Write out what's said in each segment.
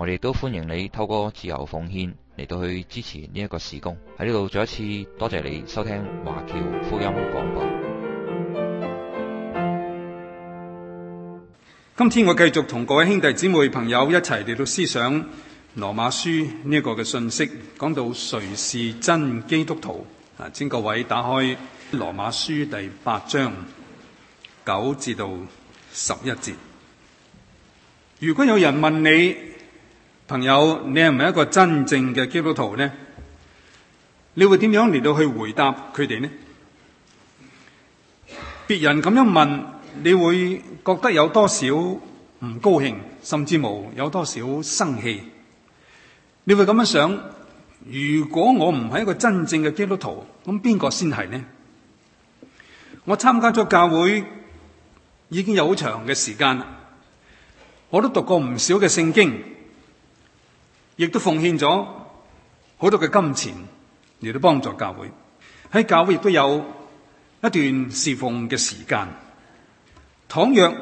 我哋都歡迎你透過自由奉獻嚟到去支持呢一個事工。喺呢度再一次多謝你收聽華僑福音廣播。今天我繼續同各位兄弟姊妹朋友一齊嚟到思想羅馬書呢一個嘅信息，講到誰是真基督徒？啊，請各位打開羅馬書第八章九至到十一節。如果有人問你，朋友，你係唔係一個真正嘅基督徒呢？你會點樣嚟到去回答佢哋呢？別人咁樣問，你會覺得有多少唔高興，甚至冇有多少生氣？你會咁樣想，如果我唔係一個真正嘅基督徒，咁邊個先係呢？我參加咗教會已經有好長嘅時間啦，我都讀過唔少嘅聖經。亦都奉獻咗好多嘅金錢嚟到幫助教會，喺教會亦都有一段侍奉嘅時間。倘若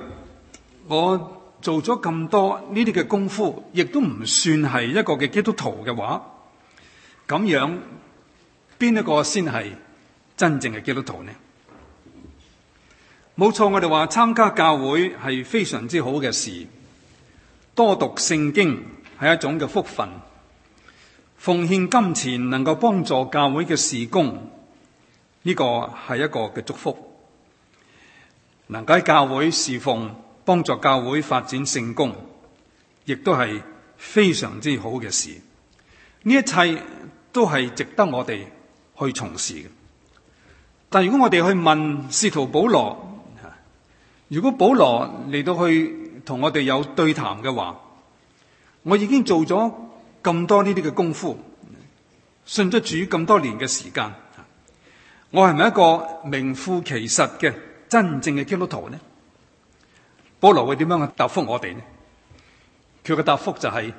我做咗咁多呢啲嘅功夫，亦都唔算係一個嘅基督徒嘅話，咁樣邊一個先係真正嘅基督徒呢？冇錯，我哋話參加教會係非常之好嘅事，多讀聖經。係一種嘅福分，奉獻金錢能夠幫助教會嘅事工。呢個係一個嘅祝福，能夠喺教會侍奉，幫助教會發展聖工，亦都係非常之好嘅事。呢一切都係值得我哋去從事嘅。但如果我哋去問使徒保羅，如果保羅嚟到去同我哋有對談嘅話，我已經做咗咁多呢啲嘅功夫，信咗主咁多年嘅時間，我係咪一個名副其實嘅真正嘅基督徒呢？保羅會點樣去答復我哋呢？佢嘅答復就係、是、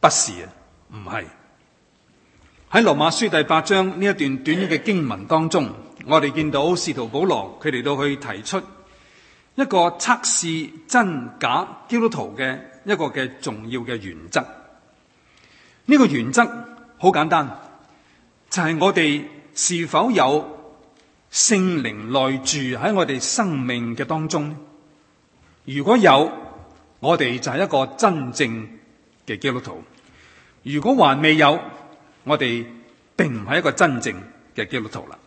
不是，唔係。喺羅馬書第八章呢一段短嘅經文當中，我哋見到使徒保羅佢哋都去提出一個測試真假基督徒嘅。一個嘅重要嘅原則，呢個原則好簡單，就係我哋是否有聖靈內住喺我哋生命嘅當中。如果有，我哋就係一個真正嘅基督徒；如果還未有，我哋並唔係一個真正嘅基督徒啦。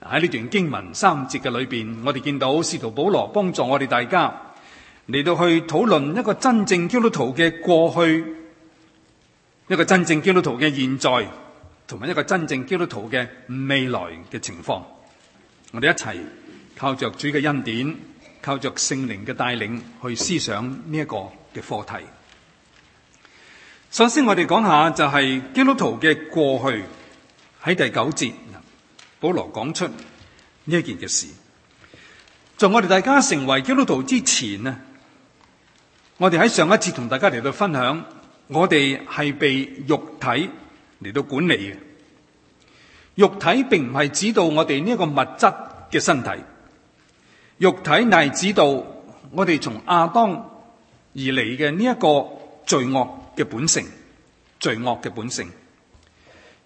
喺呢段經文三節嘅裏邊，我哋見到使徒保羅幫助我哋大家。嚟到去討論一個真正基督徒嘅過去，一個真正基督徒嘅現在，同埋一個真正基督徒嘅未來嘅情況。我哋一齊靠着主嘅恩典，靠着聖靈嘅帶領去思想呢一個嘅課題。首先，我哋講下就係基督徒嘅過去。喺第九節，保羅講出呢一件嘅事。在我哋大家成為基督徒之前呢？我哋喺上一次同大家嚟到分享，我哋係被肉體嚟到管理嘅。肉體並唔係指到我哋呢一個物質嘅身體，肉體乃指到我哋從亞當而嚟嘅呢一個罪惡嘅本性，罪惡嘅本性。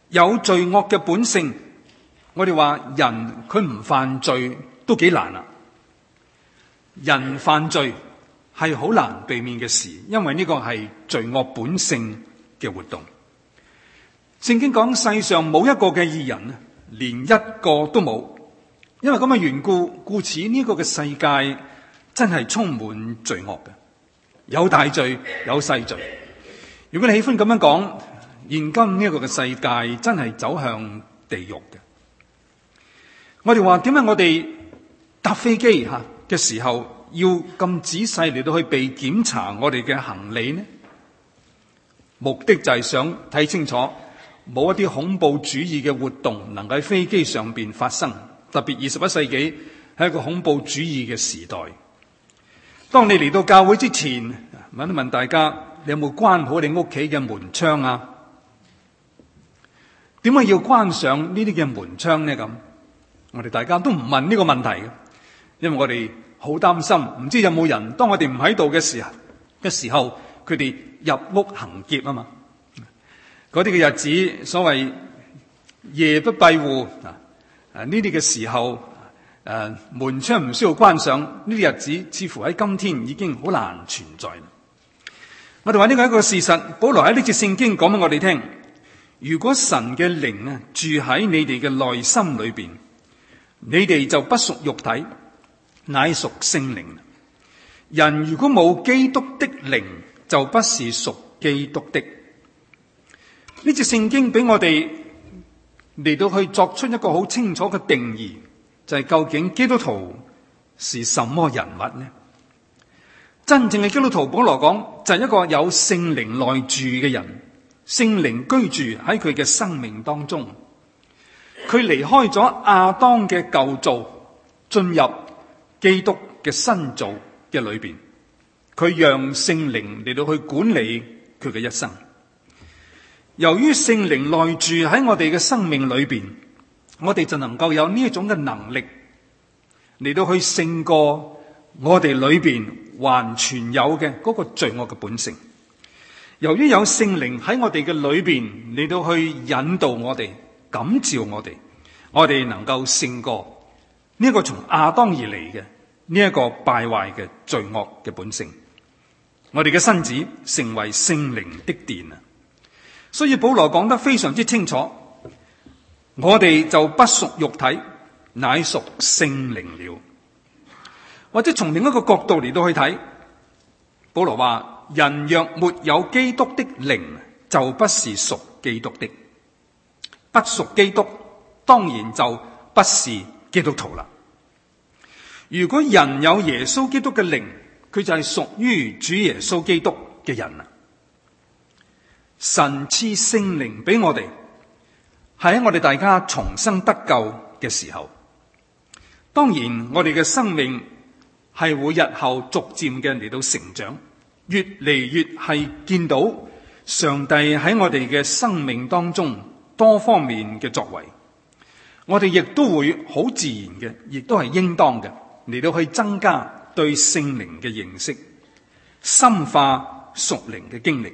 有罪惡嘅本性，我哋話人佢唔犯罪都幾難啊！人犯罪。係好難避免嘅事，因為呢個係罪惡本性嘅活動。聖經講世上冇一個嘅義人咧，連一個都冇。因為咁嘅緣故，故此呢個嘅世界真係充滿罪惡嘅，有大罪有細罪。如果你喜歡咁樣講，現今呢個嘅世界真係走向地獄嘅。我哋話點解我哋搭飛機吓嘅時候，要咁仔細嚟到去被檢查我哋嘅行李呢？目的就係想睇清楚冇一啲恐怖主義嘅活動能喺飛機上邊發生，特別二十一世紀係一個恐怖主義嘅時代。當你嚟到教會之前，問一問大家，你有冇關好你屋企嘅門窗啊？點解要關上呢啲嘅門窗呢？咁我哋大家都唔問呢個問題嘅，因為我哋。好擔心，唔知有冇人當我哋唔喺度嘅時候嘅時候，佢哋入屋行劫啊嘛！嗰啲嘅日子，所謂夜不閉戶啊，呢啲嘅時候，誒、啊，門窗唔需要關上，呢啲日子似乎喺今天已經好難存在。我哋話呢個係一個事實，保羅喺呢節聖經講俾我哋聽：如果神嘅靈啊住喺你哋嘅內心裏邊，你哋就不屬肉體。乃屬聖靈。人如果冇基督的靈，就不是屬基督的。呢節聖經俾我哋嚟到去作出一個好清楚嘅定義，就係究竟基督徒是什麼人物呢？真正嘅基督徒保羅講，就係一個有聖靈內住嘅人，聖靈居住喺佢嘅生命當中。佢離開咗亞當嘅舊造，進入。基督嘅新造嘅裏邊，佢讓聖靈嚟到去管理佢嘅一生。由於聖靈內住喺我哋嘅生命裏邊，我哋就能夠有呢一種嘅能力嚟到去勝過我哋裏邊還存有嘅嗰個罪惡嘅本性。由於有聖靈喺我哋嘅裏邊嚟到去引導我哋、感召我哋，我哋能夠勝過。呢一個從亞當而嚟嘅呢一個敗壞嘅罪惡嘅本性，我哋嘅身子成為聖靈的殿。啊！所以保羅講得非常之清楚，我哋就不屬肉體，乃屬聖靈了。或者從另一個角度嚟到去睇，保羅話：人若沒有基督的靈，就不是屬基督的；不屬基督，當然就不是基督徒啦。如果人有耶穌基督嘅靈，佢就係屬於主耶穌基督嘅人。神賜聖靈俾我哋，喺我哋大家重生得救嘅時候，當然我哋嘅生命係會日後逐漸嘅嚟到成長，越嚟越係見到上帝喺我哋嘅生命當中多方面嘅作為，我哋亦都會好自然嘅，亦都係應當嘅。嚟到去增加對聖靈嘅認識，深化屬靈嘅經歷，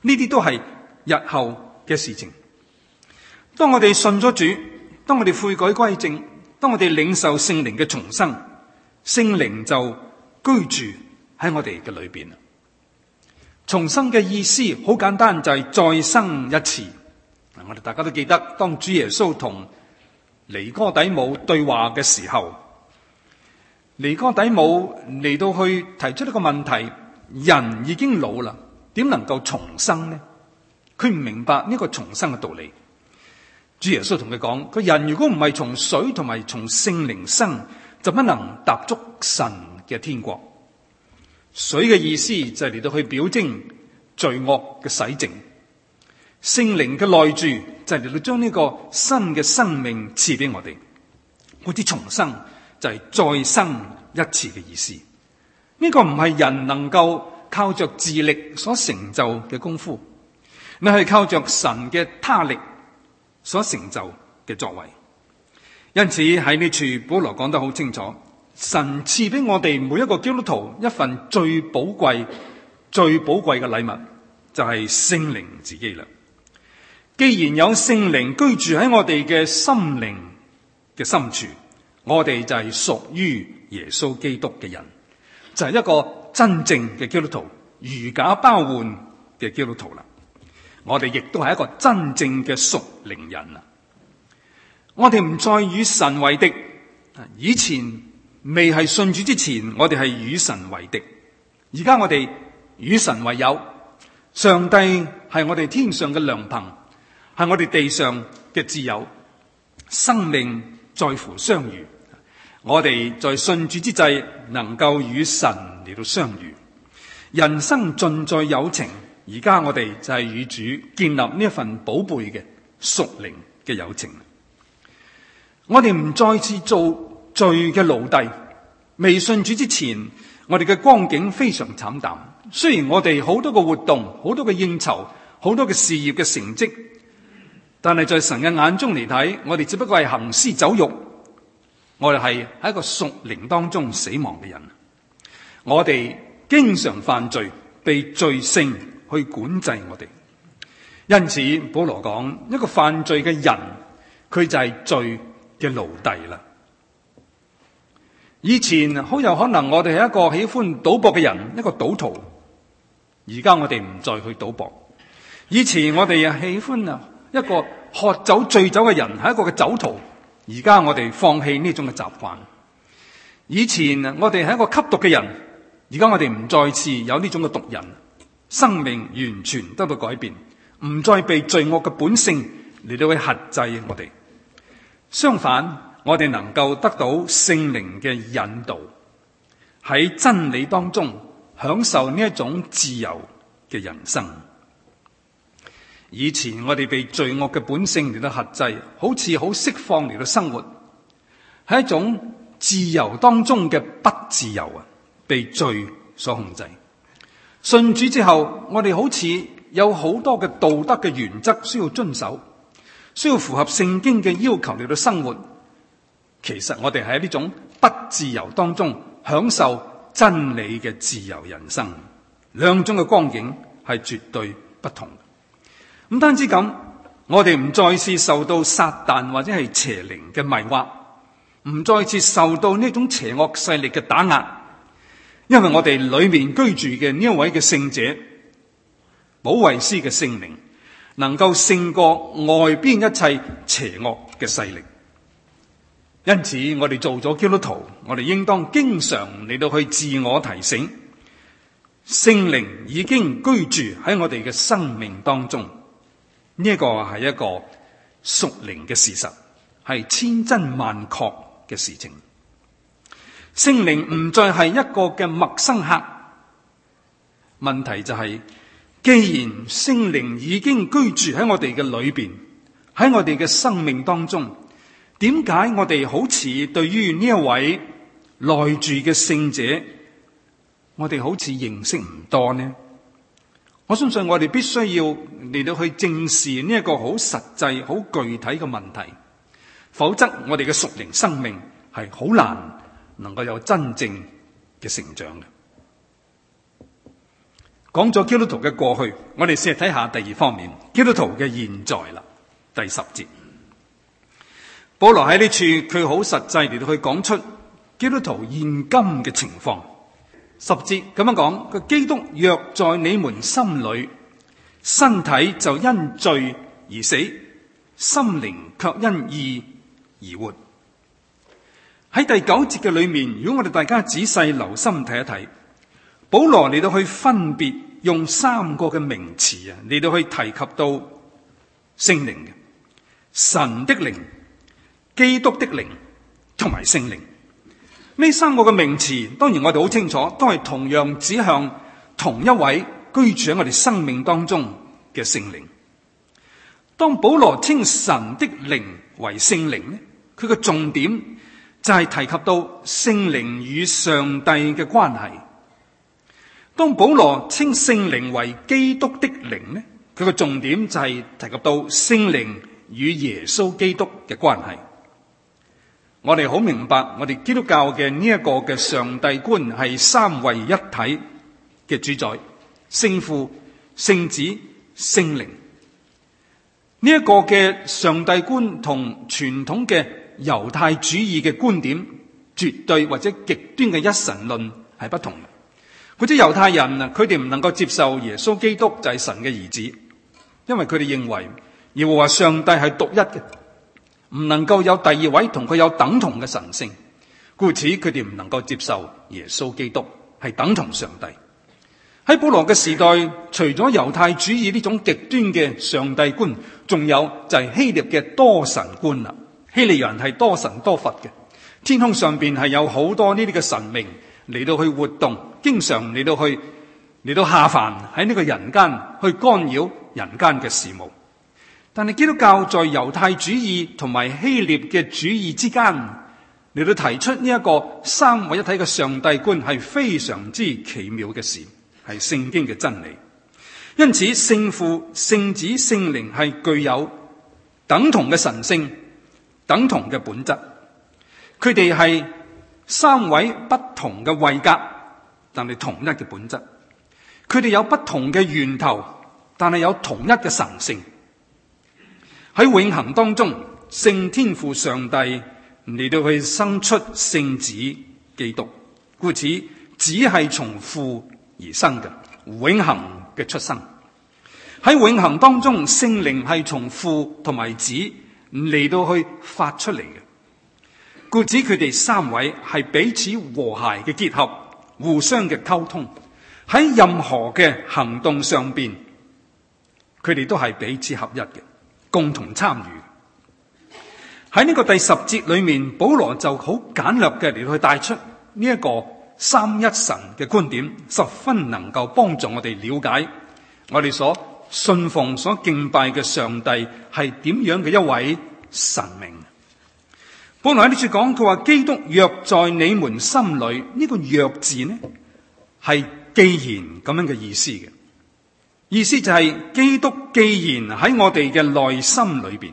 呢啲都係日後嘅事情。當我哋信咗主，當我哋悔改歸正，當我哋領受聖靈嘅重生，聖靈就居住喺我哋嘅裏邊啦。重生嘅意思好簡單，就係再生一次。嗱，我哋大家都記得，當主耶穌同尼哥底母對話嘅時候。尼哥底母嚟到去提出呢個問題：人已經老啦，點能夠重生呢？佢唔明白呢個重生嘅道理。主耶穌同佢講：個人如果唔係從水同埋從聖靈生，就不能踏足神嘅天國。水嘅意思就係嚟到去表徵罪惡嘅洗淨，聖靈嘅內住就係嚟到將呢個新嘅生命賜俾我哋，嗰啲重生。就係再生一次嘅意思，呢、這個唔係人能夠靠着自力所成就嘅功夫，你係靠着神嘅他力所成就嘅作為。因此喺呢處，保羅講得好清楚，神賜俾我哋每一個基督徒一份最寶貴、最寶貴嘅禮物，就係、是、聖靈自己啦。既然有聖靈居住喺我哋嘅心靈嘅深處。我哋就係屬於耶穌基督嘅人，就係、是、一個真正嘅基督徒，如假包換嘅基督徒啦。我哋亦都係一個真正嘅屬靈人啦。我哋唔再與神為敵。以前未係信主之前，我哋係與神為敵。而家我哋與神為友。上帝係我哋天上嘅良朋，係我哋地上嘅摯友，生命，在乎相遇，我哋在信主之際，能夠與神嚟到相遇。人生盡在友情，而家我哋就係與主建立呢一份寶貝嘅屬靈嘅友情。我哋唔再次做罪嘅奴隸。未信主之前，我哋嘅光景非常慘淡。雖然我哋好多嘅活動、好多嘅應酬、好多嘅事業嘅成績。但係在神嘅眼中嚟睇，我哋只不過係行屍走肉，我哋係喺一個屬靈當中死亡嘅人。我哋經常犯罪，被罪性去管制我哋。因此保羅講，一個犯罪嘅人，佢就係罪嘅奴隸啦。以前好有可能我哋係一個喜歡賭博嘅人，一個賭徒。而家我哋唔再去賭博。以前我哋又喜歡啊。一個喝酒醉酒嘅人係一個嘅酒徒，而家我哋放棄呢種嘅習慣。以前我哋係一個吸毒嘅人，而家我哋唔再次有呢種嘅毒人。生命完全得到改變，唔再被罪惡嘅本性嚟到去克制我哋。相反，我哋能夠得到聖靈嘅引導，喺真理當中享受呢一種自由嘅人生。以前我哋被罪惡嘅本性嚟到限制，好似好釋放嚟到生活，係一種自由當中嘅不自由啊！被罪所控制。信主之後，我哋好似有好多嘅道德嘅原則需要遵守，需要符合聖經嘅要求嚟到生活。其實我哋喺呢種不自由當中享受真理嘅自由人生，兩種嘅光景係絕對不同。唔單止咁，我哋唔再次受到撒旦或者係邪靈嘅迷惑，唔再次受到呢種邪惡勢力嘅打壓，因為我哋裏面居住嘅呢一位嘅聖者保惠師嘅聖靈，能夠勝過外邊一切邪惡嘅勢力。因此，我哋做咗基督徒，我哋應當經常嚟到去自我提醒，聖靈已經居住喺我哋嘅生命當中。呢一個係一個屬靈嘅事實，係千真萬確嘅事情。聖靈唔再係一個嘅陌生客，問題就係、是，既然聖靈已經居住喺我哋嘅裏邊，喺我哋嘅生命當中，點解我哋好似對於呢一位內住嘅聖者，我哋好似認識唔多呢？我相信我哋必須要嚟到去正視呢一個好實際、好具體嘅問題，否則我哋嘅屬靈生命係好難能夠有真正嘅成長嘅。講咗基督徒嘅過去，我哋試睇下第二方面基督徒嘅現在啦。第十節，保羅喺呢處佢好實際嚟到去講出基督徒現今嘅情況。十節咁樣講，個基督若在你們心裏，身體就因罪而死，心靈卻因義而活。喺第九節嘅裏面，如果我哋大家仔細留心睇一睇，保羅嚟到去分別用三個嘅名詞啊，嚟到去提及到聖靈嘅：神的靈、基督的靈同埋聖靈。呢三個嘅名詞，當然我哋好清楚，都係同樣指向同一位居住喺我哋生命當中嘅聖靈。當保羅稱神的靈為聖靈呢，佢嘅重點就係提及到聖靈與上帝嘅關係；當保羅稱聖靈為基督的靈呢，佢嘅重點就係提及到聖靈與耶穌基督嘅關係。我哋好明白，我哋基督教嘅呢一個嘅上帝觀係三位一體嘅主宰，聖父、聖子、聖靈。呢一個嘅上帝觀同傳統嘅猶太主義嘅觀點，絕對或者極端嘅一神論係不同。嗰啲猶太人啊，佢哋唔能夠接受耶穌基督就係神嘅兒子，因為佢哋認為而會話上帝係獨一嘅。唔能夠有第二位同佢有等同嘅神聖，故此佢哋唔能夠接受耶穌基督係等同上帝。喺保羅嘅時代，除咗猶太主義呢種極端嘅上帝觀，仲有就係希臘嘅多神觀啦。希臘人係多神多佛嘅，天空上邊係有好多呢啲嘅神明嚟到去活動，經常嚟到去嚟到下凡喺呢個人間去干擾人間嘅事務。但係基督教在猶太主義同埋希臘嘅主義之間嚟到提出呢一個三位一體嘅上帝觀，係非常之奇妙嘅事，係聖經嘅真理。因此，聖父、聖子、聖靈係具有等同嘅神聖、等同嘅本質。佢哋係三位不同嘅位格，但係同一嘅本質。佢哋有不同嘅源頭，但係有同一嘅神聖。喺永恒當中，聖天父上帝嚟到去生出聖子基督，故此子係從父而生嘅永恒嘅出生。喺永恒當中，聖靈係從父同埋子嚟到去發出嚟嘅。故此佢哋三位係彼此和諧嘅結合，互相嘅溝通。喺任何嘅行動上邊，佢哋都係彼此合一嘅。共同參與。喺呢個第十節裏面，保羅就好簡略嘅嚟去帶出呢一個三一神嘅觀點，十分能夠幫助我哋了解我哋所信奉、所敬拜嘅上帝係點樣嘅一位神明。保羅喺呢處講，佢話：基督若在你們心裏，呢、這個若字呢係既然咁樣嘅意思嘅。意思就係基督既然喺我哋嘅內心裏邊，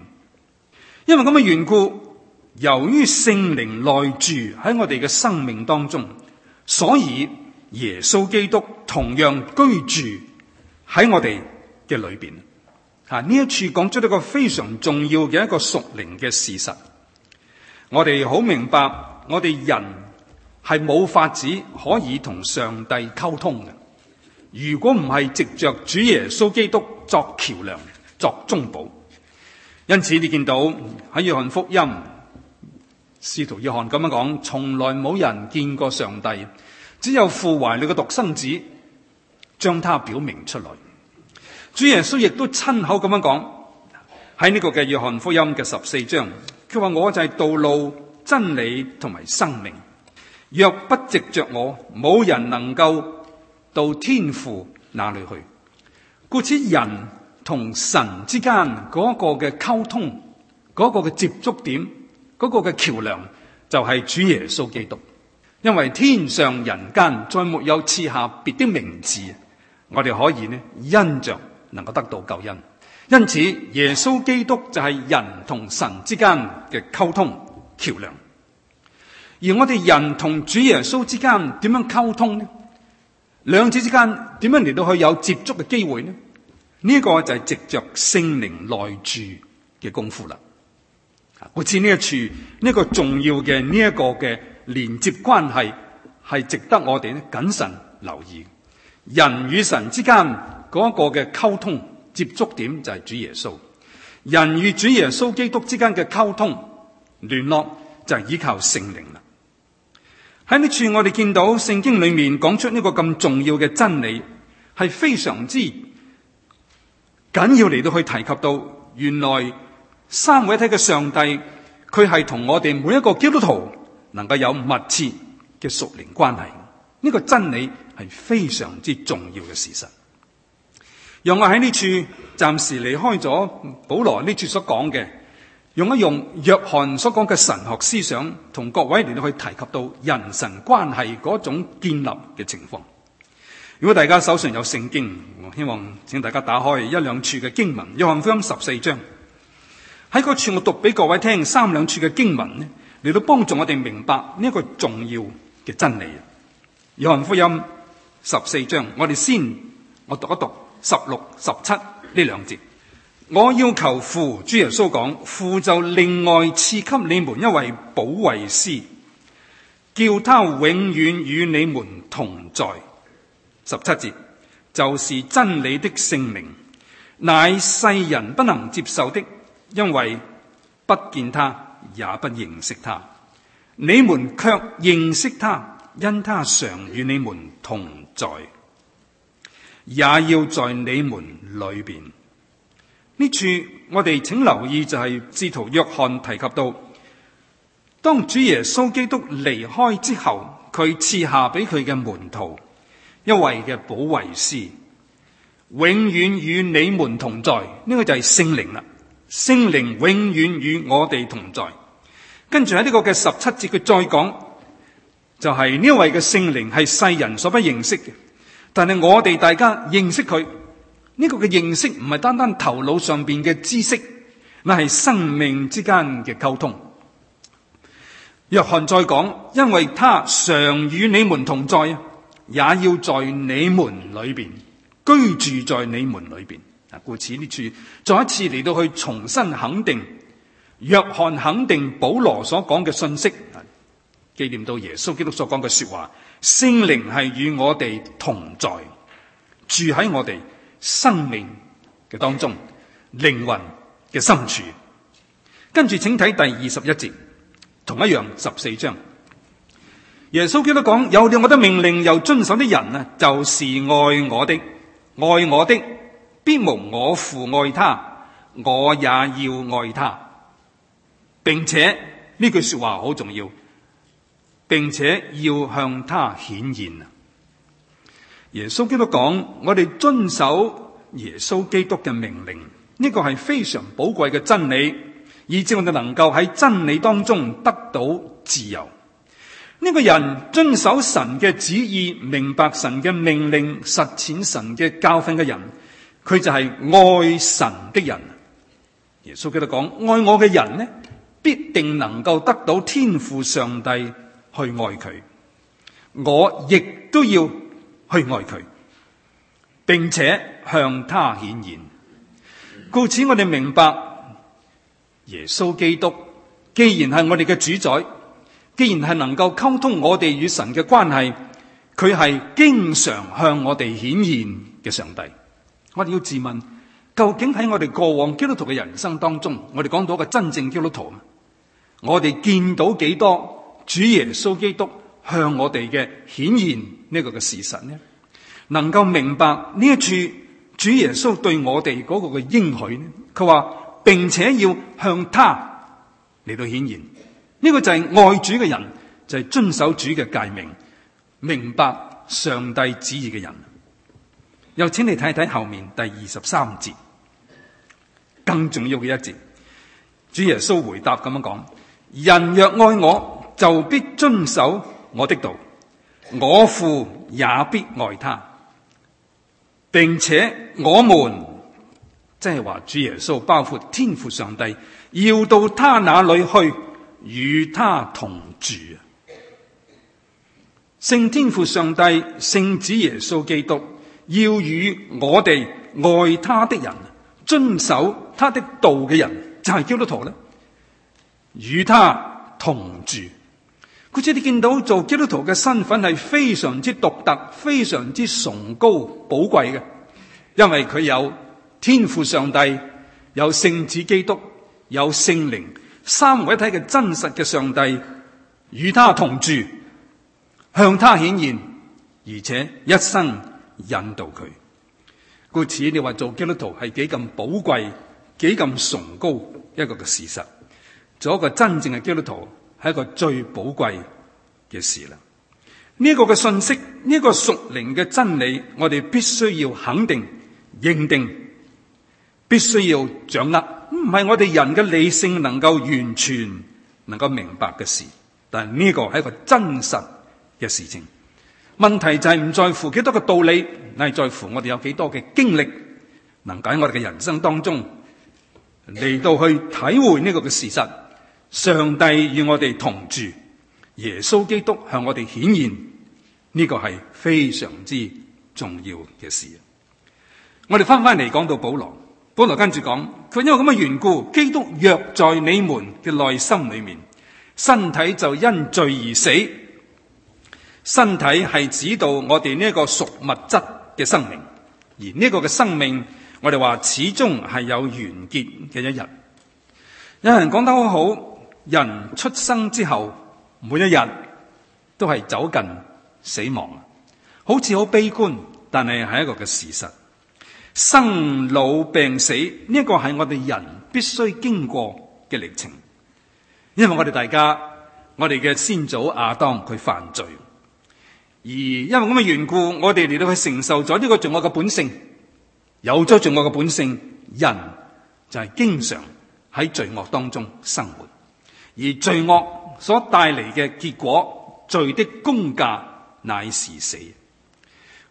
因為咁嘅緣故，由於聖靈內住喺我哋嘅生命當中，所以耶穌基督同樣居住喺我哋嘅裏邊。吓、啊，呢一處講出一個非常重要嘅一個屬靈嘅事實。我哋好明白，我哋人係冇法子可以同上帝溝通嘅。如果唔係藉着主耶穌基督作橋梁，作中保，因此你見到喺約翰福音，司徒約翰咁樣講，從來冇人見過上帝，只有父懷裏嘅獨生子將他表明出來。主耶穌亦都親口咁樣講，喺呢個嘅約翰福音嘅十四章，佢話我就係道路、真理同埋生命，若不藉着我，冇人能夠。到天父那裏去。故此，人同神之間嗰個嘅溝通，嗰、那個嘅接觸點，嗰、那個嘅橋樑就係、是、主耶穌基督。因為天上人間再沒有賜下別的名字，我哋可以呢，因着能夠得到救恩。因此，耶穌基督就係人同神之間嘅溝通橋樑。而我哋人同主耶穌之間點樣溝通呢？兩者之間點樣嚟到去有接觸嘅機會呢？呢、呢個就係藉着聖靈內住嘅功夫啦。我知呢一處呢個重要嘅呢一個嘅連接關係係值得我哋呢謹慎留意。人與神之間嗰一、嗰個嘅溝通接觸點就係主耶穌，人與主耶穌基督之間嘅溝通聯絡就係、係、依靠聖靈啦。喺呢處我哋見到聖經裏面講出呢個咁重要嘅真理，係非常之緊要嚟到去提及到，原來三位一體嘅上帝佢係同我哋每一個基督徒能夠有密切嘅屬靈關係。呢個真理係非常之重要嘅事實。讓我喺呢處暫時離開咗保羅呢處所講嘅。用一用約翰所講嘅神學思想，同各位嚟到去提及到人神關係嗰種建立嘅情況。如果大家手上有聖經，我希望請大家打開一兩處嘅經文。約翰福音十四章，喺嗰處我讀俾各位聽三兩處嘅經文，嚟到幫助我哋明白呢一個重要嘅真理。約翰福音十四章，我哋先我讀一讀十六、十七呢兩節。我要求父，主耶穌講，父就另外賜給你們一位保惠師，叫他永遠與你們同在。十七節，就是真理的聖名，乃世人不能接受的，因為不見他也不認識他。你們卻認識他，因他常與你們同在，也要在你們裏面。呢處我哋請留意就係使徒約翰提及到，當主耶穌基督離開之後，佢賜下俾佢嘅門徒一位嘅保惠師，永遠與你們同在。呢、這個就係聖靈啦，聖靈永遠與我哋同在。跟住喺呢個嘅十七節佢再講，就係呢一位嘅聖靈係世人所不認識嘅，但係我哋大家認識佢。呢個嘅認識唔係單單頭腦上邊嘅知識，咪係生命之間嘅溝通。約翰再講，因為他常與你們同在，也要在你們裏邊居住，在你們裏邊啊。故此呢處再一次嚟到去重新肯定，約翰肯定保羅所講嘅信息，紀念到耶穌基督所講嘅說話，聖靈係與我哋同在，住喺我哋。生命嘅當中，靈魂嘅深處，跟住請睇第二十一節，同一樣十四章，耶穌基督講：有了我的命令又遵守的人啊，就是愛我的，愛我的必蒙我父愛他，我也要愛他，並且呢句說話好重要，並且要向他顯現。耶穌基督講：我哋遵守耶穌基督嘅命令，呢個係非常寶貴嘅真理，以至我哋能夠喺真理當中得到自由。呢個人遵守神嘅旨意，明白神嘅命令，實踐神嘅教訓嘅人，佢就係愛神嘅人。耶穌基督講：愛我嘅人呢，必定能夠得到天父上帝去愛佢。我亦都要。去愛佢，並且向他顯現。故此，我哋明白耶穌基督既然係我哋嘅主宰，既然係能夠溝通我哋與神嘅關係，佢係經常向我哋顯現嘅上帝。我哋要自問，究竟喺我哋過往基督徒嘅人生當中，我哋講到個真正基督徒？我哋見到幾多主耶穌基督？向我哋嘅顯現呢個嘅事實呢，能夠明白呢一處主耶穌對我哋嗰個嘅應許呢，佢話並且要向他嚟到顯現呢、呢個就係愛主嘅人就係、是、遵守主嘅誡命，明白上帝旨意嘅人。又請你睇睇後面第二十三節，更重要嘅一節，主耶穌回答咁樣講：人若愛我，就必遵守。我的道，我父也必愛他，並且我們即係話主耶穌，包括天父上帝，要到他那裡去與他同住。聖天父上帝、聖子耶穌基督要與我哋愛他的人、遵守他的道嘅人，就係、是、基督徒咧，與他同住。故此你見到做基督徒嘅身份係非常之獨特、非常之崇高、寶貴嘅，因為佢有天父上帝，有聖子基督，有聖靈三位一體嘅真實嘅上帝與他同住，向他顯現，而且一生引導佢。故此你話做基督徒係幾咁寶貴、幾咁崇高一個嘅事實，做一個真正嘅基督徒。係一個最寶貴嘅事啦！呢個嘅信息，呢個屬靈嘅真理，我哋必須要肯定、認定，必須要掌握，唔係我哋人嘅理性能夠完全能夠明白嘅事。但係呢個係一個真實嘅事情。問題就係唔在乎幾多嘅道理，係在乎我哋有幾多嘅經歷，能喺我哋嘅人生當中嚟到去體會呢個嘅事實。上帝與我哋同住，耶穌基督向我哋顯現，呢、這個係非常之重要嘅事。我哋翻翻嚟講到保羅，保羅跟住講佢因為咁嘅緣故，基督若在你們嘅內心裏面，身體就因罪而死，身體係指到我哋呢一個屬物質嘅生命，而呢個嘅生命，我哋話始終係有完結嘅一日。有人講得好好。人出生之後，每一日都係走近死亡，好似好悲觀，但係係一個嘅事實。生老病死呢一個係我哋人必須經過嘅歷程，因為我哋大家，我哋嘅先祖亞當佢犯罪，而因為咁嘅緣故，我哋嚟到去承受咗呢個罪惡嘅本性，有咗罪惡嘅本性，人就係經常喺罪惡當中生活。而罪惡所帶嚟嘅結果，罪的公價乃是死。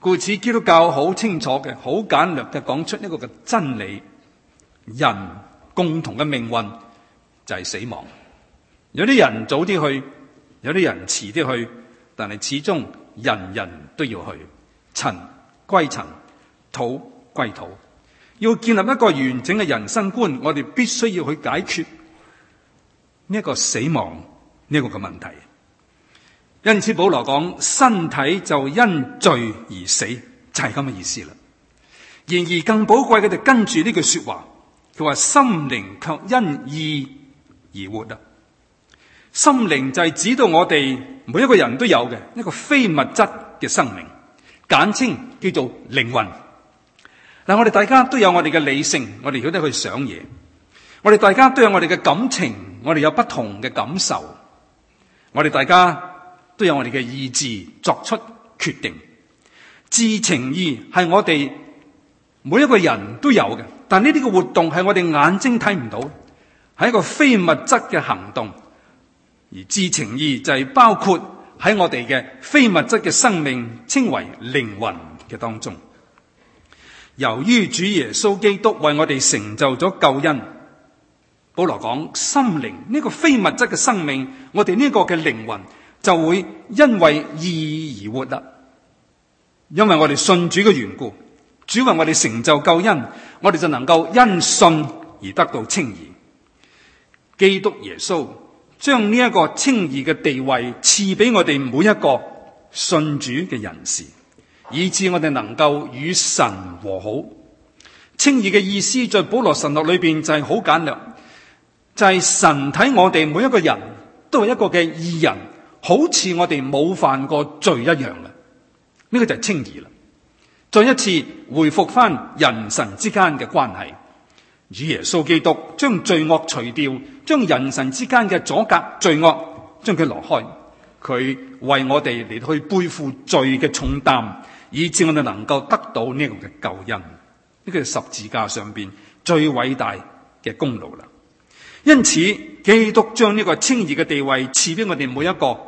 故此，基督教好清楚嘅、好簡略嘅講出一個嘅真理：人共同嘅命運就係死亡。有啲人早啲去，有啲人遲啲去，但係始終人人都要去。塵歸塵，土歸土。要建立一個完整嘅人生觀，我哋必須要去解決。呢一個死亡呢一個嘅問題，因此保羅講身體就因罪而死，就係咁嘅意思啦。然而更寶貴嘅就跟住呢句說話，佢話心靈卻因義而活啊！心靈就係指到我哋每一個人都有嘅一個非物質嘅生命，簡稱叫做靈魂。嗱，我哋大家都有我哋嘅理性，我哋要得去想嘢；我哋大家都有我哋嘅感情。我哋有不同嘅感受，我哋大家都有我哋嘅意志作出決定。知情意係我哋每一個人都有嘅，但呢啲嘅活動係我哋眼睛睇唔到，係一個非物質嘅行動。而知情意就係包括喺我哋嘅非物質嘅生命，稱為靈魂嘅當中。由於主耶穌基督為我哋成就咗救恩。保羅講心靈呢個非物質嘅生命，我哋呢個嘅靈魂就會因為意義而活啦。因為我哋信主嘅緣故，主為我哋成就救恩，我哋就能夠因信而得到稱義。基督耶穌將呢一個稱義嘅地位賜俾我哋每一個信主嘅人士，以致我哋能夠與神和好。稱義嘅意思，在保羅神諾裡邊就係好簡略，就係神睇我哋每一個人都係一個嘅義人，好似我哋冇犯過罪一樣嘅。呢個就係稱義啦。再一次回復翻人神之間嘅關係，以耶穌基督將罪惡除掉，將人神之間嘅阻隔罪惡，將佢挪開。佢為我哋嚟去背負罪嘅重擔，以致我哋能夠得到呢個嘅救恩。呢個十字架上邊最偉大嘅功勞啦。因此，基督將呢個稱義嘅地位賜俾我哋每一個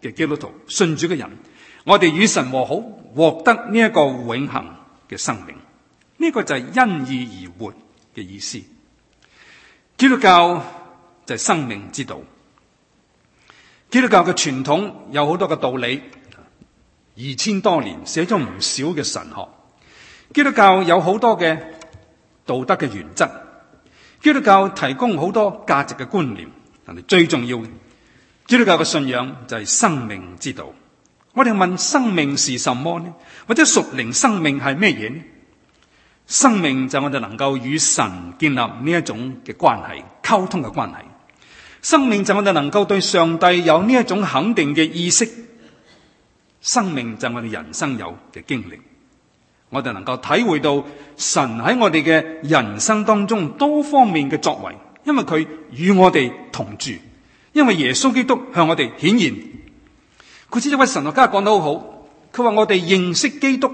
嘅基督徒，信主嘅人，我哋與神和好，獲得呢一個永恆嘅生命。呢、這個就係因義而活嘅意思。基督教就係生命之道。基督教嘅傳統有好多嘅道理，二千多年寫咗唔少嘅神學。基督教有好多嘅道德嘅原則。基督教提供好多價值嘅觀念，但係最重要嘅，基督教嘅信仰就係生命之道。我哋問生命是什麼呢？或者屬靈生命係咩嘢呢？生命就我哋能夠與神建立呢一種嘅關係、溝通嘅關係。生命就我哋能夠對上帝有呢一種肯定嘅意識。生命就我哋人生有嘅經歷。我哋能夠體會到神喺我哋嘅人生當中多方面嘅作為，因為佢與我哋同住，因為耶穌基督向我哋顯現。佢知一位神學家講得好好，佢話我哋認識基督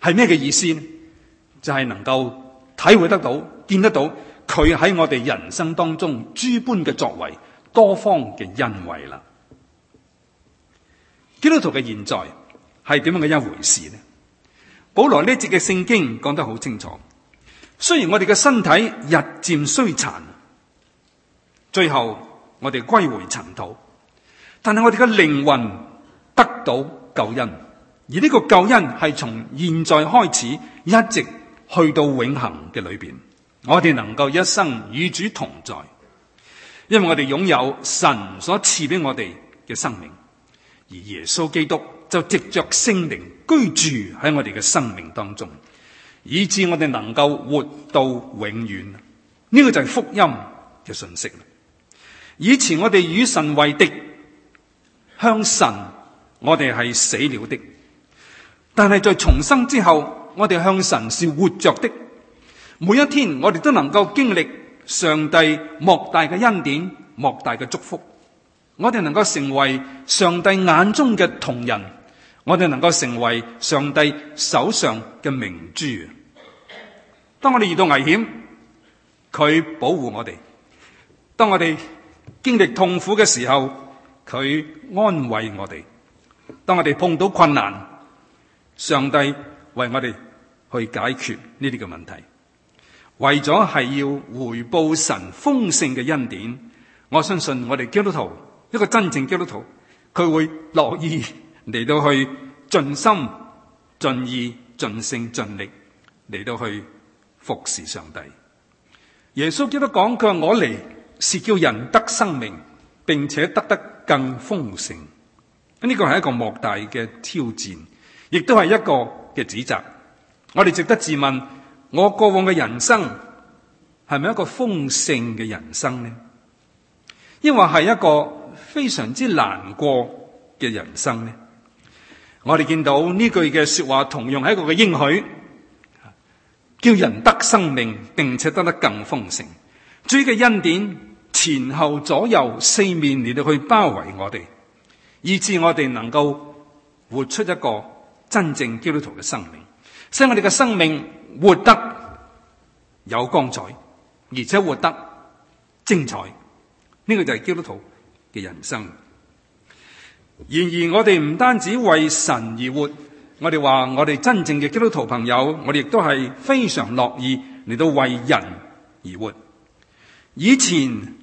係咩嘅意思呢？就係、是、能夠體會得到、見得到佢喺我哋人生當中諸般嘅作為、多方嘅恩惠啦。基督徒嘅現在係點樣嘅一回事呢？保羅呢節嘅聖經講得好清楚，雖然我哋嘅身體日漸衰殘，最後我哋歸回塵土，但係我哋嘅靈魂得到救恩，而呢個救恩係從現在開始一直去到永恆嘅裏邊，我哋能夠一生與主同在，因為我哋擁有神所賜俾我哋嘅生命，而耶穌基督。就藉着聖靈居住喺我哋嘅生命當中，以致我哋能夠活到永遠。呢個就係福音嘅信息。以前我哋與神為敵，向神我哋係死了的；但係在重生之後，我哋向神是活着的。每一天我哋都能夠經歷上帝莫大嘅恩典、莫大嘅祝福。我哋能夠成為上帝眼中嘅同仁。我哋能夠成為上帝手上嘅明珠。當我哋遇到危險，佢保護我哋；當我哋經歷痛苦嘅時候，佢安慰我哋；當我哋碰到困難，上帝為我哋去解決呢啲嘅問題。為咗係要回報神豐盛嘅恩典，我相信我哋基督徒，一個真正基督徒，佢會樂意。嚟到去盡心、盡意、盡性、盡力，嚟到去服侍上帝。耶穌基督講：佢話我嚟是叫人得生命，並且得得更豐盛。呢個係一個莫大嘅挑戰，亦都係一個嘅指責。我哋值得自問：我過往嘅人生係咪一個豐盛嘅人生呢？抑或係一個非常之難過嘅人生呢？我哋見到呢句嘅說話，同樣係一個嘅應許，叫人得生命，並且得得更豐盛。主嘅恩典前後左右四面你哋去包圍我哋，以致我哋能夠活出一個真正基督徒嘅生命，使我哋嘅生命活得有光彩，而且活得精彩。呢個就係基督徒嘅人生。然而，我哋唔單止為神而活，我哋話我哋真正嘅基督徒朋友，我哋亦都係非常樂意嚟到為人而活。以前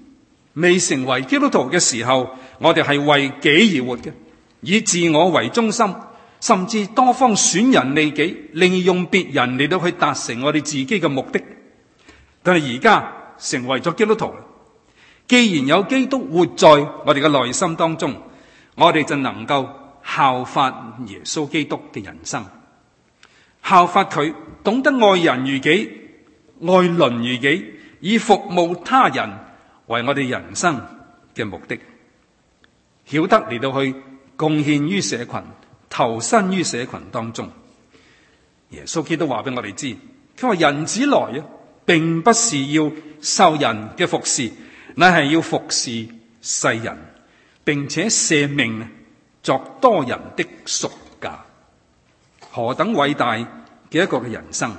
未成為基督徒嘅時候，我哋係為己而活嘅，以自我為中心，甚至多方損人利己，利用別人嚟到去達成我哋自己嘅目的。但係而家成為咗基督徒，既然有基督活在我哋嘅內心當中。我哋就能夠效法耶穌基督嘅人生，效法佢懂得愛人如己、愛鄰如己，以服務他人為我哋人生嘅目的，曉得嚟到去貢獻於社群、投身於社群當中。耶穌基督話俾我哋知，佢話人子來啊，並不是要受人嘅服侍，乃係要服侍世人。並且捨命作多人的贖價，何等偉大嘅一個嘅人生！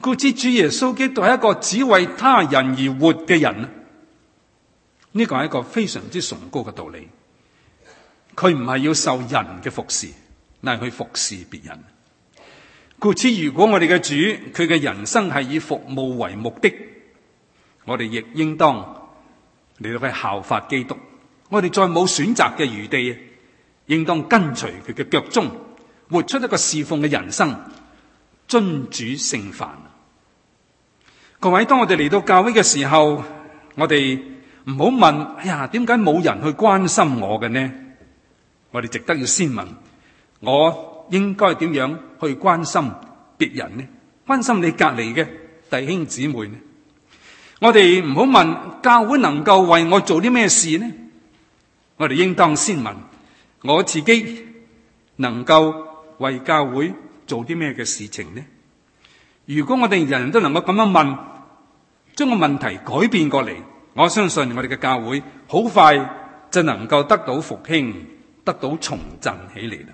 故此，主耶穌基督係一個只為他人而活嘅人。呢個係一個非常之崇高嘅道理。佢唔係要受人嘅服侍，但係去服侍別人。故此，如果我哋嘅主佢嘅人生係以服務為目的，我哋亦應當嚟到去效法基督。我哋再冇選擇嘅餘地，應當跟隨佢嘅腳蹤，活出一個侍奉嘅人生，遵主聖範。各位，當我哋嚟到教會嘅時候，我哋唔好問：哎呀，點解冇人去關心我嘅呢？我哋值得要先問：我應該點樣去關心別人呢？關心你隔籬嘅弟兄姊妹呢？我哋唔好問教會能夠為我做啲咩事呢？我哋應當先問我自己，能夠為教會做啲咩嘅事情呢？如果我哋人人都能夠咁樣問，將個問題改變過嚟，我相信我哋嘅教會好快就能夠得到復興，得到重振起嚟啦。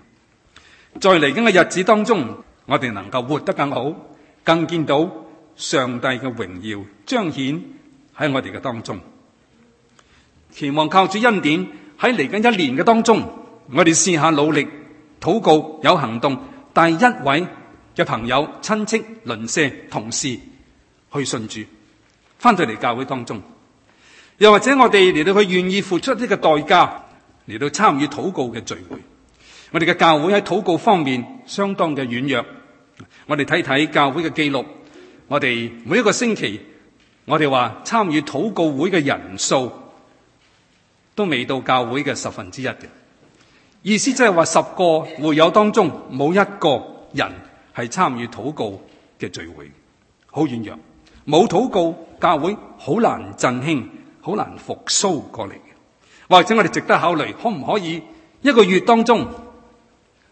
在嚟緊嘅日子當中，我哋能夠活得更好，更見到上帝嘅榮耀彰顯喺我哋嘅當中，期望靠住恩典。喺嚟緊一年嘅當中，我哋試下努力禱告，有行動，帶一位嘅朋友、親戚、鄰舍、同事去信主，翻到嚟教會當中，又或者我哋嚟到佢願意付出呢個代價嚟到參與禱告嘅聚會。我哋嘅教會喺禱告方面相當嘅軟弱。我哋睇睇教會嘅記錄，我哋每一個星期，我哋話參與禱告會嘅人數。都未到教會嘅十分之一嘅意思，即係話十個會友當中冇一個人係參與禱告嘅聚會。好軟弱，冇禱告，教會好難振興，好難復甦過嚟嘅。或者我哋值得考慮可唔可以一個月當中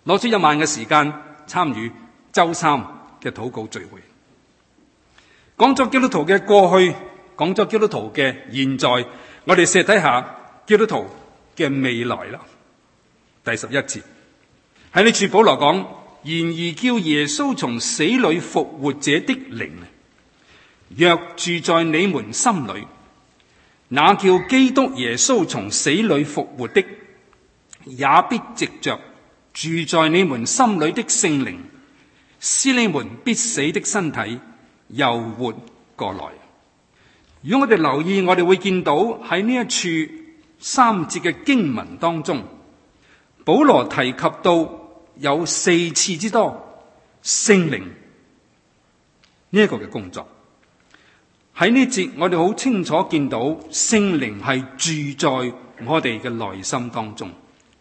攞出一晚嘅時間參與周三嘅禱告聚會。講咗基督徒嘅過去，講咗基督徒嘅現在，我哋睇下。基督徒嘅未來啦，第十一節喺呢處保羅講，然而叫耶穌從死裏復活者的靈，若住在你們心裏，那叫基督耶穌從死裏復活的，也必藉着住在你們心裏的聖靈，使你們必死的身體又活過來。如果我哋留意，我哋會見到喺呢一處。三節嘅經文當中，保羅提及到有四次之多聖靈呢一個嘅工作。喺呢節我哋好清楚見到聖靈係住在我哋嘅內心當中，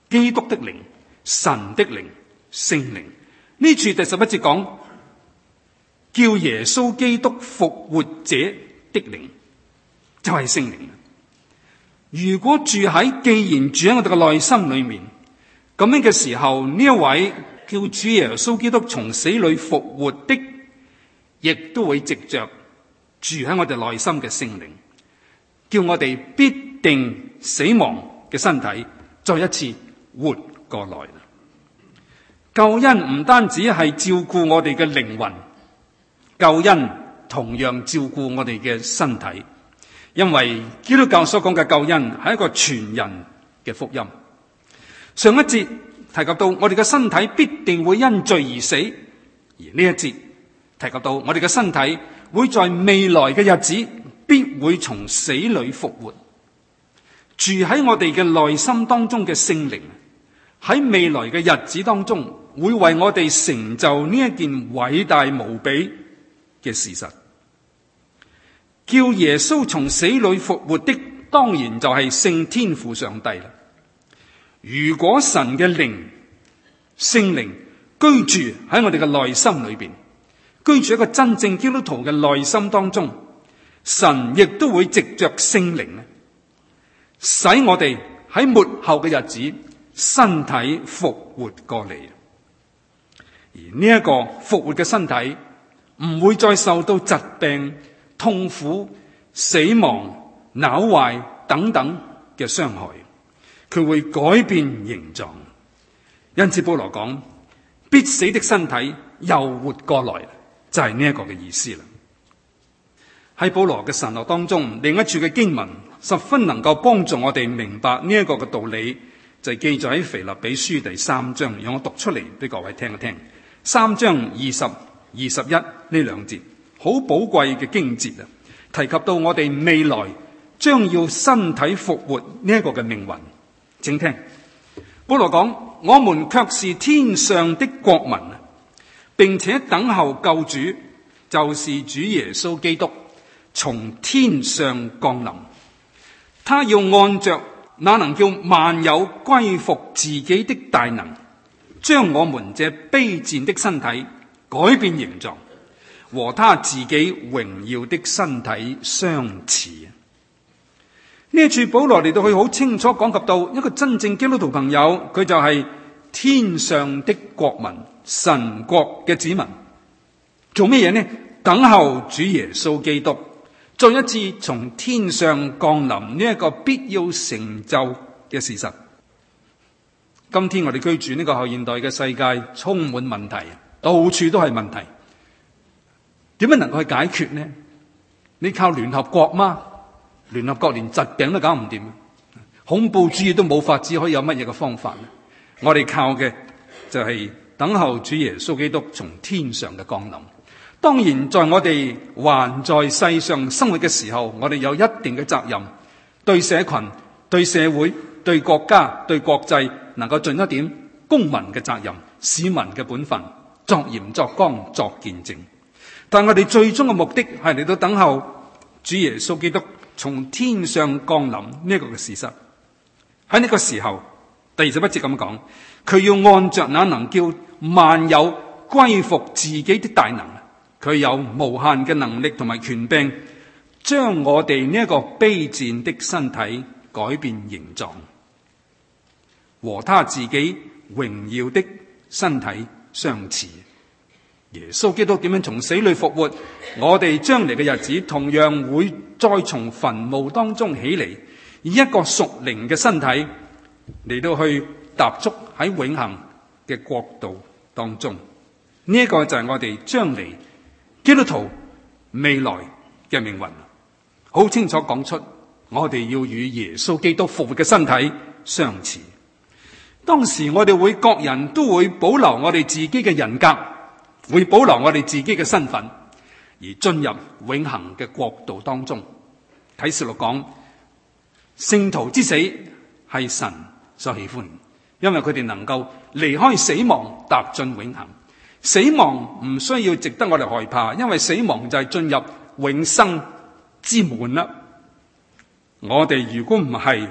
基督的靈、神的靈、聖靈。呢處第十一節講，叫耶穌基督復活者的靈就係聖靈。如果住喺，既然住喺我哋嘅內心裏面，咁樣嘅時候，呢一位叫主耶穌基督從死裏復活的，亦都會藉着住喺我哋內心嘅聖靈，叫我哋必定死亡嘅身體再一次活過來救恩唔單止係照顧我哋嘅靈魂，救恩同樣照顧我哋嘅身體。因為基督教所講嘅救恩係一個全人嘅福音。上一節提及到我哋嘅身體必定會因罪而死，而呢一節提及到我哋嘅身體會在未來嘅日子必會從死裏復活。住喺我哋嘅內心當中嘅聖靈，喺未來嘅日子當中會為我哋成就呢一件偉大無比嘅事實。叫耶穌從死裏復活的，當然就係聖天父上帝啦。如果神嘅靈、聖靈居住喺我哋嘅內心裏邊，居住一個真正基督徒嘅內心當中，神亦都會藉着聖靈咧，使我哋喺末後嘅日子，身體復活過嚟。而呢一個復活嘅身體，唔會再受到疾病。痛苦、死亡、咬壞等等嘅傷害，佢會改變形狀。因此羅，保羅講必死的身體又活過來，就係呢一個嘅意思啦。喺保羅嘅神學當中，另一處嘅經文十分能夠幫助我哋明白呢一個嘅道理，就係、是、記載喺腓立比書第三章，讓我讀出嚟俾各位聽一聽。三章二十、二十一呢兩節。好寶貴嘅經節啊，提及到我哋未來將要身體復活呢一個嘅命運，請聽，保羅講：我們卻是天上的國民啊，並且等候救主，就是主耶穌基督從天上降臨。他要按着那能叫萬有歸服自己的大能，將我們這卑賤的身體改變形狀。和他自己榮耀的身體相似。呢一處保羅嚟到去好清楚講及到一個真正基督徒朋友，佢就係天上的國民、神國嘅子民。做咩嘢呢？等候主耶穌基督再一次從天上降臨呢一個必要成就嘅事實。今天我哋居住呢個後現代嘅世界，充滿問題，到處都係問題。點樣能夠去解決呢？你靠聯合國嗎？聯合國連疾病都搞唔掂，恐怖主義都冇法子，可以有乜嘢嘅方法呢？我哋靠嘅就係等候主耶穌基督從天上嘅降臨。當然，在我哋還在世上生活嘅時候，我哋有一定嘅責任，對社群、對社會、對國家、對國際，能夠盡一點公民嘅責任、市民嘅本分，作鹽作光作見證。但我哋最終嘅目的係嚟到等候主耶穌基督從天上降臨呢一個嘅事實。喺呢個時候，第二十一節不接咁講，佢要按着那能叫萬有歸服自己的大能，佢有無限嘅能力同埋權柄，將我哋呢一個卑賤的身體改變形狀，和他自己榮耀的身體相似。耶穌基督點樣從死裏復活？我哋將來嘅日子同樣會再從墳墓當中起嚟，以一個屬靈嘅身體嚟到去踏足喺永恆嘅國度當中。呢一個就係我哋將來基督徒未來嘅命運。好清楚講出，我哋要與耶穌基督復活嘅身體相似。當時我哋會各人都會保留我哋自己嘅人格。會保留我哋自己嘅身份，而進入永恒嘅國度當中。啟示錄講，聖徒之死係神所喜歡，因為佢哋能夠離開死亡，踏進永恒。死亡唔需要值得我哋害怕，因為死亡就係進入永生之門啦。我哋如果唔係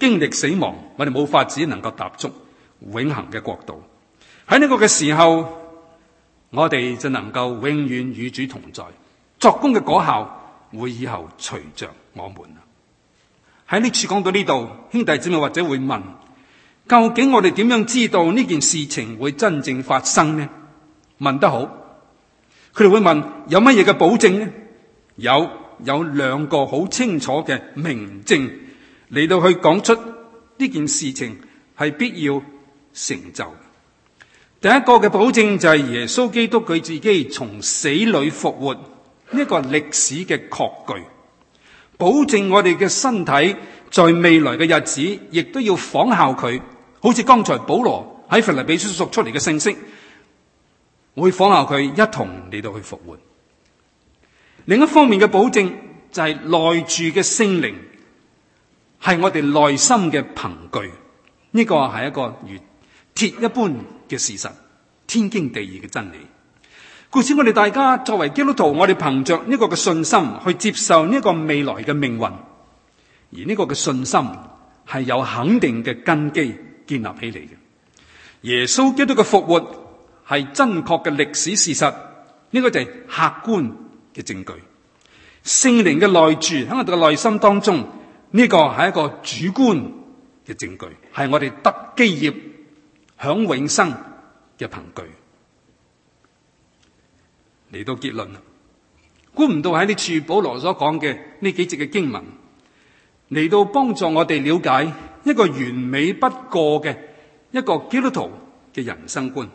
經歷死亡，我哋冇法子能夠踏足永恒嘅國度。喺呢個嘅時候。我哋就能夠永遠與主同在，作工嘅果效會以後隨着我們。喺呢次講到呢度，兄弟姊妹或者會問：究竟我哋點樣知道呢件事情會真正發生呢？問得好，佢哋會問有乜嘢嘅保證呢？有有兩個好清楚嘅明證嚟到去講出呢件事情係必要成就嘅。第一個嘅保證就係耶穌基督佢自己從死裏復活，呢、這、一個歷史嘅確據，保證我哋嘅身體在未來嘅日子亦都要仿效佢，好似剛才保羅喺腓立比書讀出嚟嘅信息，我會仿效佢一同嚟到去復活。另一方面嘅保證就係內住嘅聖靈，係我哋內心嘅憑據，呢、這個係一個如鐵一般，嘅事實，天經地義嘅真理。故此，我哋大家作為基督徒，我哋憑着呢個嘅信心去接受呢個未來嘅命運，而呢個嘅信心係有肯定嘅根基建立起嚟嘅。耶穌基督嘅復活係真確嘅歷史事實，呢個就係客觀嘅證據。聖靈嘅內住喺我哋嘅內心當中，呢個係一個主觀嘅證據，係我哋得基業。享永生嘅憑據。嚟到結論，估唔到喺呢處保羅所講嘅呢幾節嘅經文嚟到幫助我哋了解一個完美不過嘅一個基督徒嘅人生觀。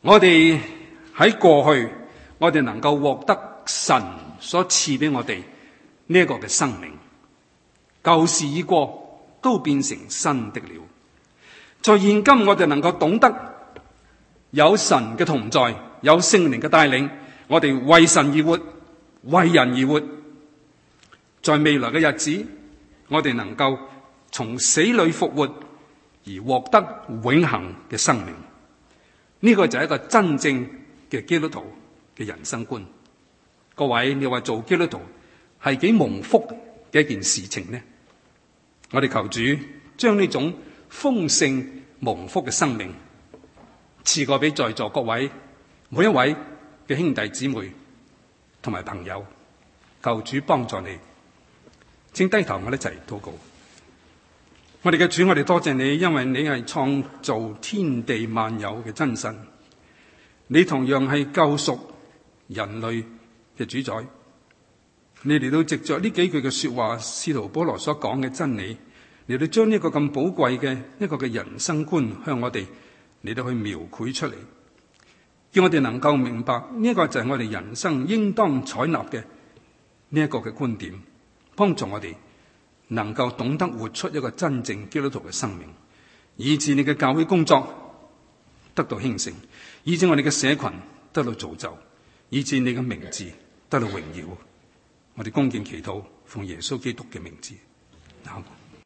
我哋喺過去，我哋能夠獲得神所賜俾我哋呢一個嘅生命，舊事已過，都變成新的了。在現今我哋能夠懂得有神嘅同在，有聖靈嘅帶領，我哋為神而活，為人而活。在未來嘅日子，我哋能夠從死裏復活，而獲得永恆嘅生命。呢個就係一個真正嘅基督徒嘅人生觀。各位，你話做基督徒係幾蒙福嘅一件事情呢？我哋求主將呢種。豐盛蒙福嘅生命賜過俾在座各位每一位嘅兄弟姊妹同埋朋友，求主幫助你，請低頭我哋一齊禱告。我哋嘅主，我哋多謝你，因為你係創造天地萬有嘅真神，你同樣係救贖人類嘅主宰。你嚟到藉着呢幾句嘅說話，使徒保羅所講嘅真理。你哋將呢一個咁寶貴嘅一個嘅人生觀向我哋嚟到去描繪出嚟，叫我哋能夠明白呢個就係我哋人生應當採納嘅呢一個嘅觀點，幫助我哋能夠懂得活出一個真正基督徒嘅生命，以致你嘅教會工作得到興盛，以致我哋嘅社群得到造就，以致你嘅名字得到榮耀。我哋恭敬祈禱，奉耶穌基督嘅名字。